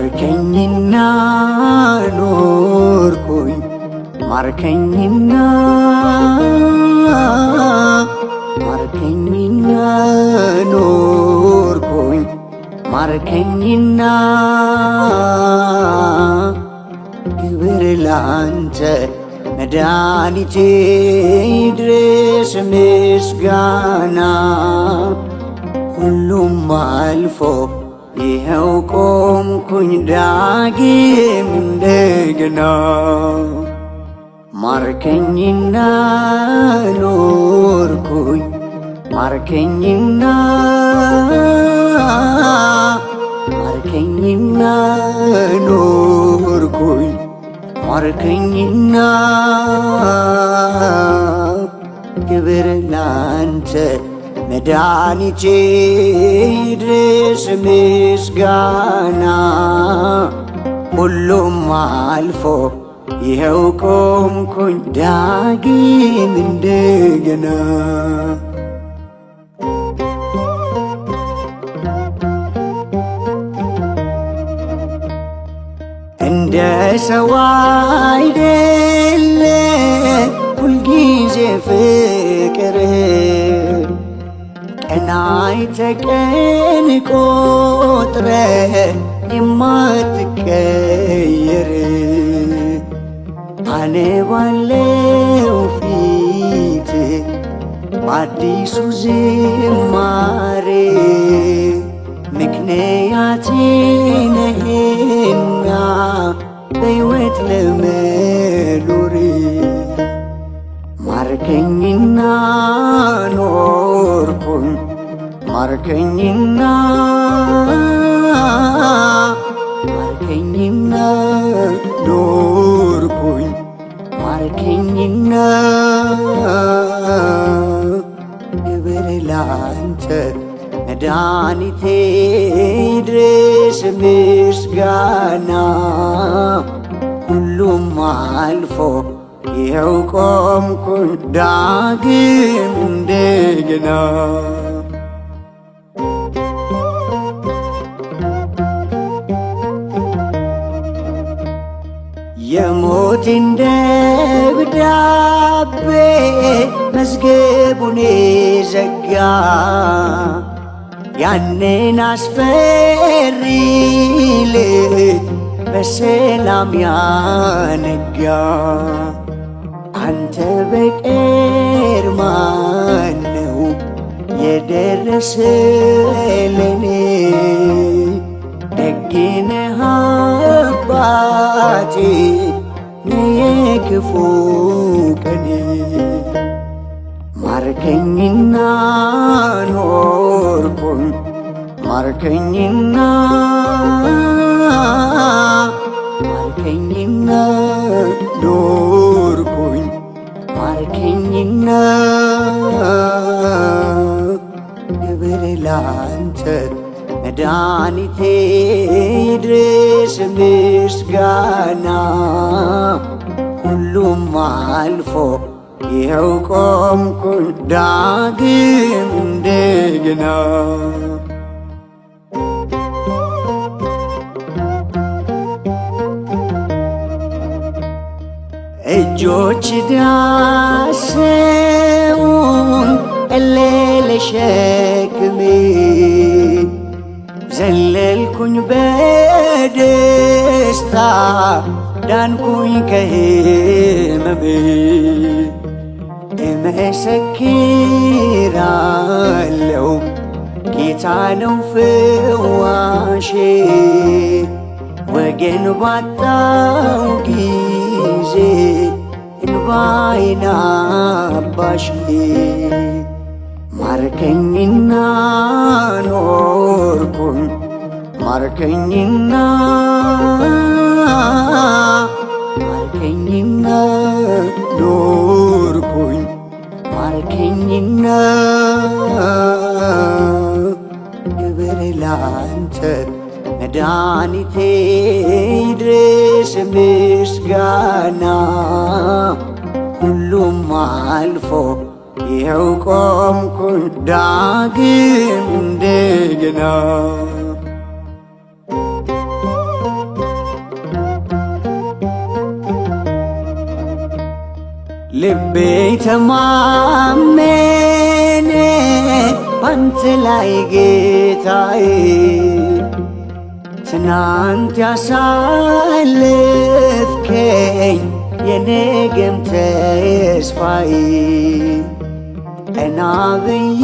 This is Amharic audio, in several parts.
ማርከኝና ኖርኩኝ ማርከኝና ማርከኝና ኖርኩኝ ማርከኝና ግብር ላንተ መድኃኒቴ ድረስ ምስጋና ሁሉም አልፎ ይኸው ቆ ቆምኩኝ ዳግም እንደገና ማርከኝና ኖርኩኝ ማርከኝና ማርከኝና ኖርኩኝ ማርከኝና ክብር ላንተ መድኃኒቴ ይድረስ ምስጋና ሁሉም አልፎ ይኸው ቆምኩኝ ዳግም እንደገና እንደ ሰው አይደለ ሁልጊዜ ፍቅር ቀናይ ተቀን ቆጥረ የማትቀየር አነ ባለው ፊት በአዲሱ ዝማሬ ምክንያቴ ነህና በሕይወት ለመኖር ማርከኝና ማርከኝና ማርከኝና ኖርኩኝ ማርከኝና ግብር ላንተ መድኃኒቴ ይድረስ ምስጋና ሁሉም አልፎ ይኸው ቆምኩኝ ዳግም እንደገና ሕይወት እንደ ደብዳቤ መዝገቡን ዘጋ። ያንን አስፈሪ ሌሊት በሰላም ያነጋ። አንተ በቀር ማን ነው የደረሰ ለኔ? ደግነህ አባቴ ክፉ ቀኔ ማርከኝና ኖርኩን ማርከኝና ማርከኝና ኖርኩኝ ማርከኝና ክብር ላንተ መድኃኒቴ ይድረስ ምስጋና ሁሉም አልፎ ይኸው ቆምኩኝ ዳግም እንደገና። እጆች ዳሰውን እሌለ ሸክሜ ዘለልኩኝ በደስታ ዳንኩኝ ከህመሜ እመሰክራለሁ ጌታ ነው ፍዋሼ ወገን ባጣው ጊዜ እንባዬን አባሼ ማርከኝና ኖርኩኝ ማርከኝና ማርከኝና ኖርኩኝ ማርከኝና ክብር ላንተ መድኃኒቴ ይድረስ ምስጋና ሁሉም አልፎ ይኸው ቆምኩኝ ዳግም እንደገና ልቤ ተማመነ ባንተ ላይ ጌታዬ፣ ትናንት ያሳለፍከኝ የነገም ተስፋዬ ቀና ብዬ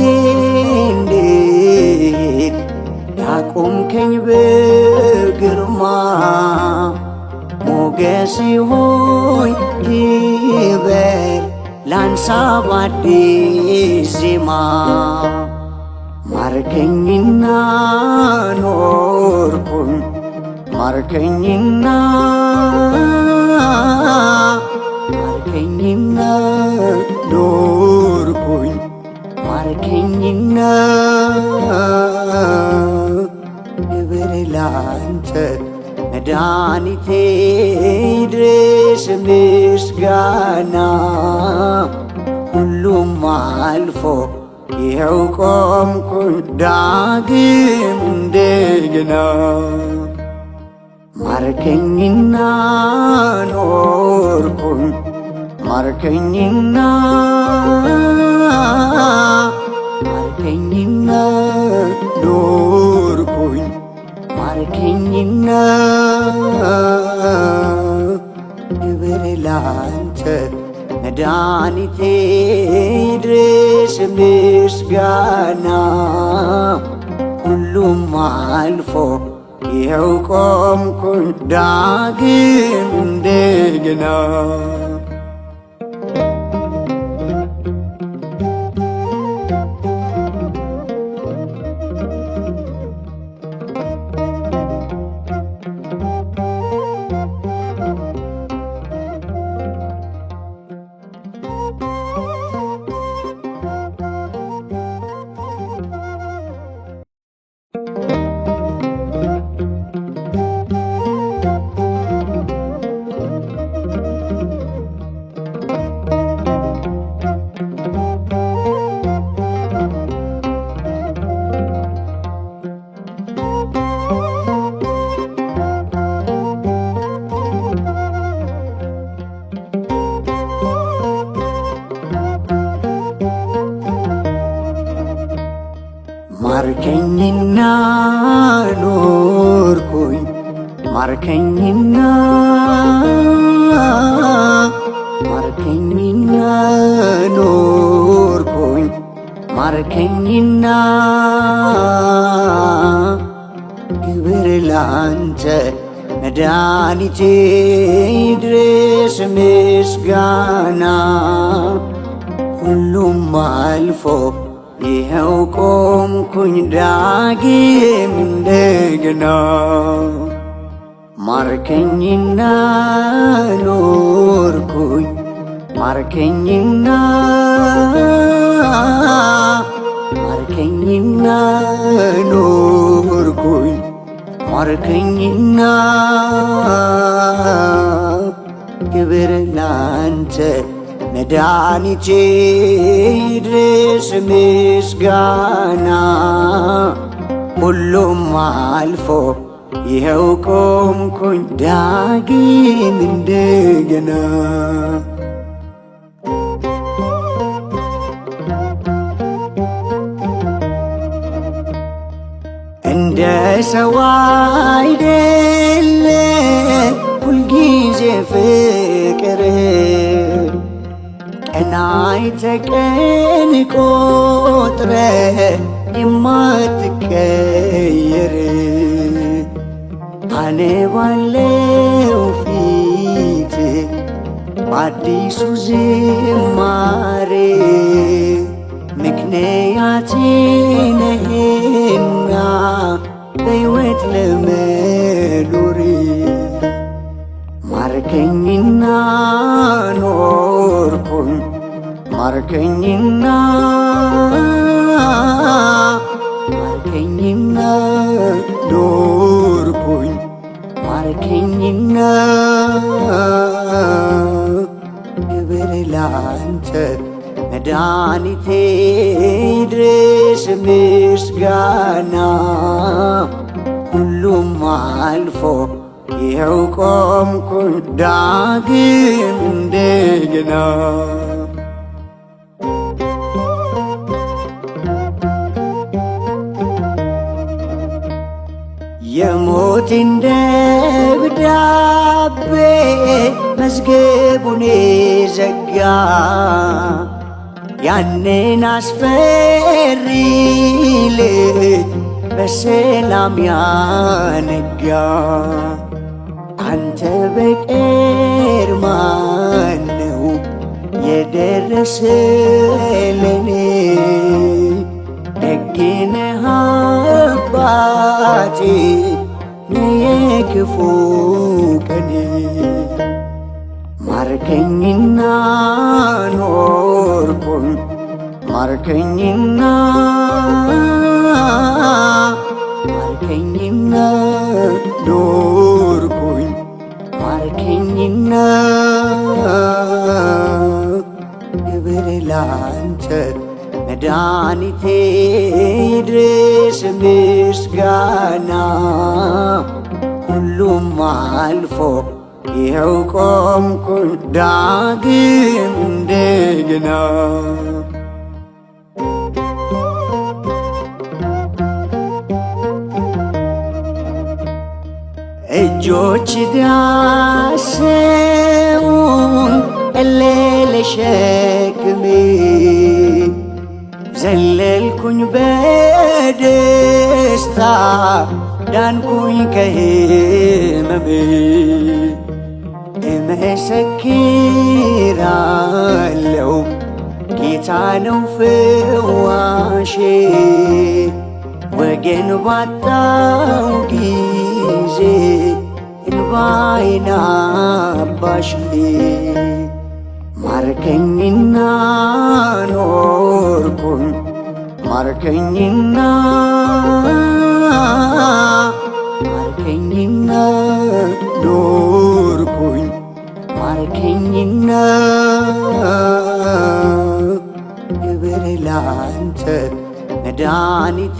እንድሄድ ያቆምከኝ በግርማ ሞገስ ይሁን ይበል ላንሳ በአዲስ ዜማ ማርከኝና ኖርኩን ማርከኝና ማርከኝና ኖርኩኝ ማርከኝና ግብር ላንተ መድኃኒቴ ይድረስ ምስጋና ሁሉም አልፎ ይኸው ቆምኩን ዳግም እንደገና ማርከኝና ኖርኩን ማርከኝና ማርከኝና ኖርኩኝ ማርከኝና ግብር ላንተ መድኃኒቴ ይድረስ ምስጋና ሁሉም አልፎ ይኸው ቆምኩ ዳግም እንደገና ላርከኝና ግብር ላንተ መድኃኒቴ ድረስ ምስጋና ሁሉም አልፎ ይኸው ቆምኩኝ ዳግም እንደገና ማርከኝና ኖርኩኝ ማርከኝና ማርከኝና ኖርኩኝ ማርከኝና ክብር ላንተ መድኃኒቴ ይድረስ ምስጋና ሁሉም አልፎ ይኸው ቆምኩኝ ዳግም እንደገና የሰው አይደለ ሁልጊዜ ፍቅር ቀናይተ ቀን ቆጥረ የማትቀየር አነ ባለው ፊት በአዲሱ ዝማሬ ምክንያቴ ነህና በሕይወት ለመኖሬ ማርከኝና ኖርኩኝ ማርከኝና ማርከኝና ኖርኩኝ ማርከኝና ግብር ላንተ መድኃኒቴ ይድረስ ምስጋና ሁሉም አልፎ ይኸው ቆምኩን ዳግም እንደገና የሞትን ደብዳቤ መዝገቡን ዘጋ ያንን አስፈሪ ልጅ በሰላም ያነጋ አንተ በቀር ማነው የደረሰ ለኔ? ደግነህ አባቴ ነየ ማርከኝና ማርከኝና ኖርኩኝ ማርከኝና ክብር ላንተ መድኃኒቴ ይድረስ ምስጋና ሁሉም አልፎ ይኸው ቆምኩኝ ዳግም እንደገና እጆች ዳሰውን እሌለ ሸክሜ ዘለልኩኝ በደስታ ዳንኩኝ ከህመሜ እመሰክራለው ጌታ ነው ፍዋሼ ወገን ባጣው ጊዜ እንባዬን አባሽልኝ ማርከኝና ኖርኩኝ ማርከኝና ማርከኝና ኖርኩኝ ማርከኝና ግብር ላይ መድኃኒቴ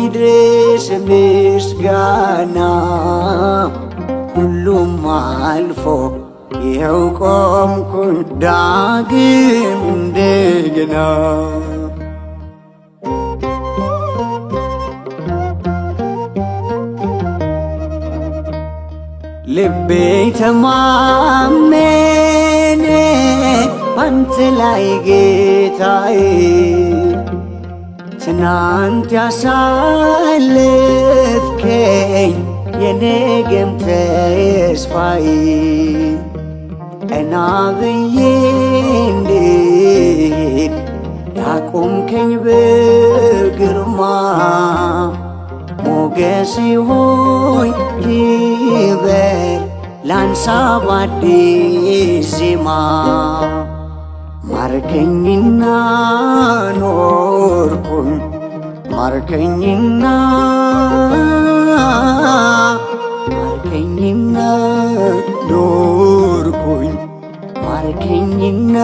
ይድረስ ምስጋና ሁሉም አልፎ ይኸው ቆምኩኝ ዳግም እንደገና ልቤ ተማመነ ባንተ ላይ ጌታዬ ትናንት ያሳልፍከኝ የነገም ተስፋዬ ቀና ብዬ እንድሄድ ያቆምከኝ በግርማ ሞገሴ ሆይ ይበል ላንሳ በአዲስ ዜማ ማርከኝና ኖርኩኝ ማርከኝና ማርከኝና ኖርኩኝ ማርከኝና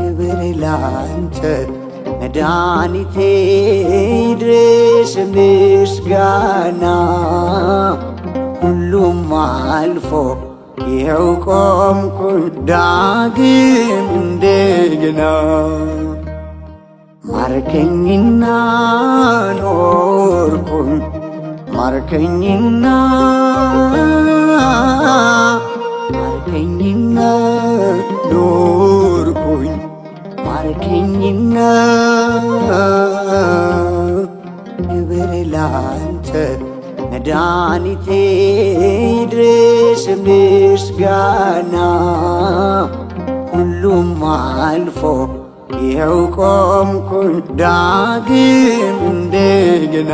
ግብር ላንተ መድኃኒቴ ይድረስ ምስጋና ሁሉም አልፎ ይኸው ቆምኩኝ ዳግም እንደገና ማርከኝና ኖርኩኝ ማርከኝና ማርከኝና ኖ አልፎ ይኸው ቆምኩኝ ዳግም እንደገና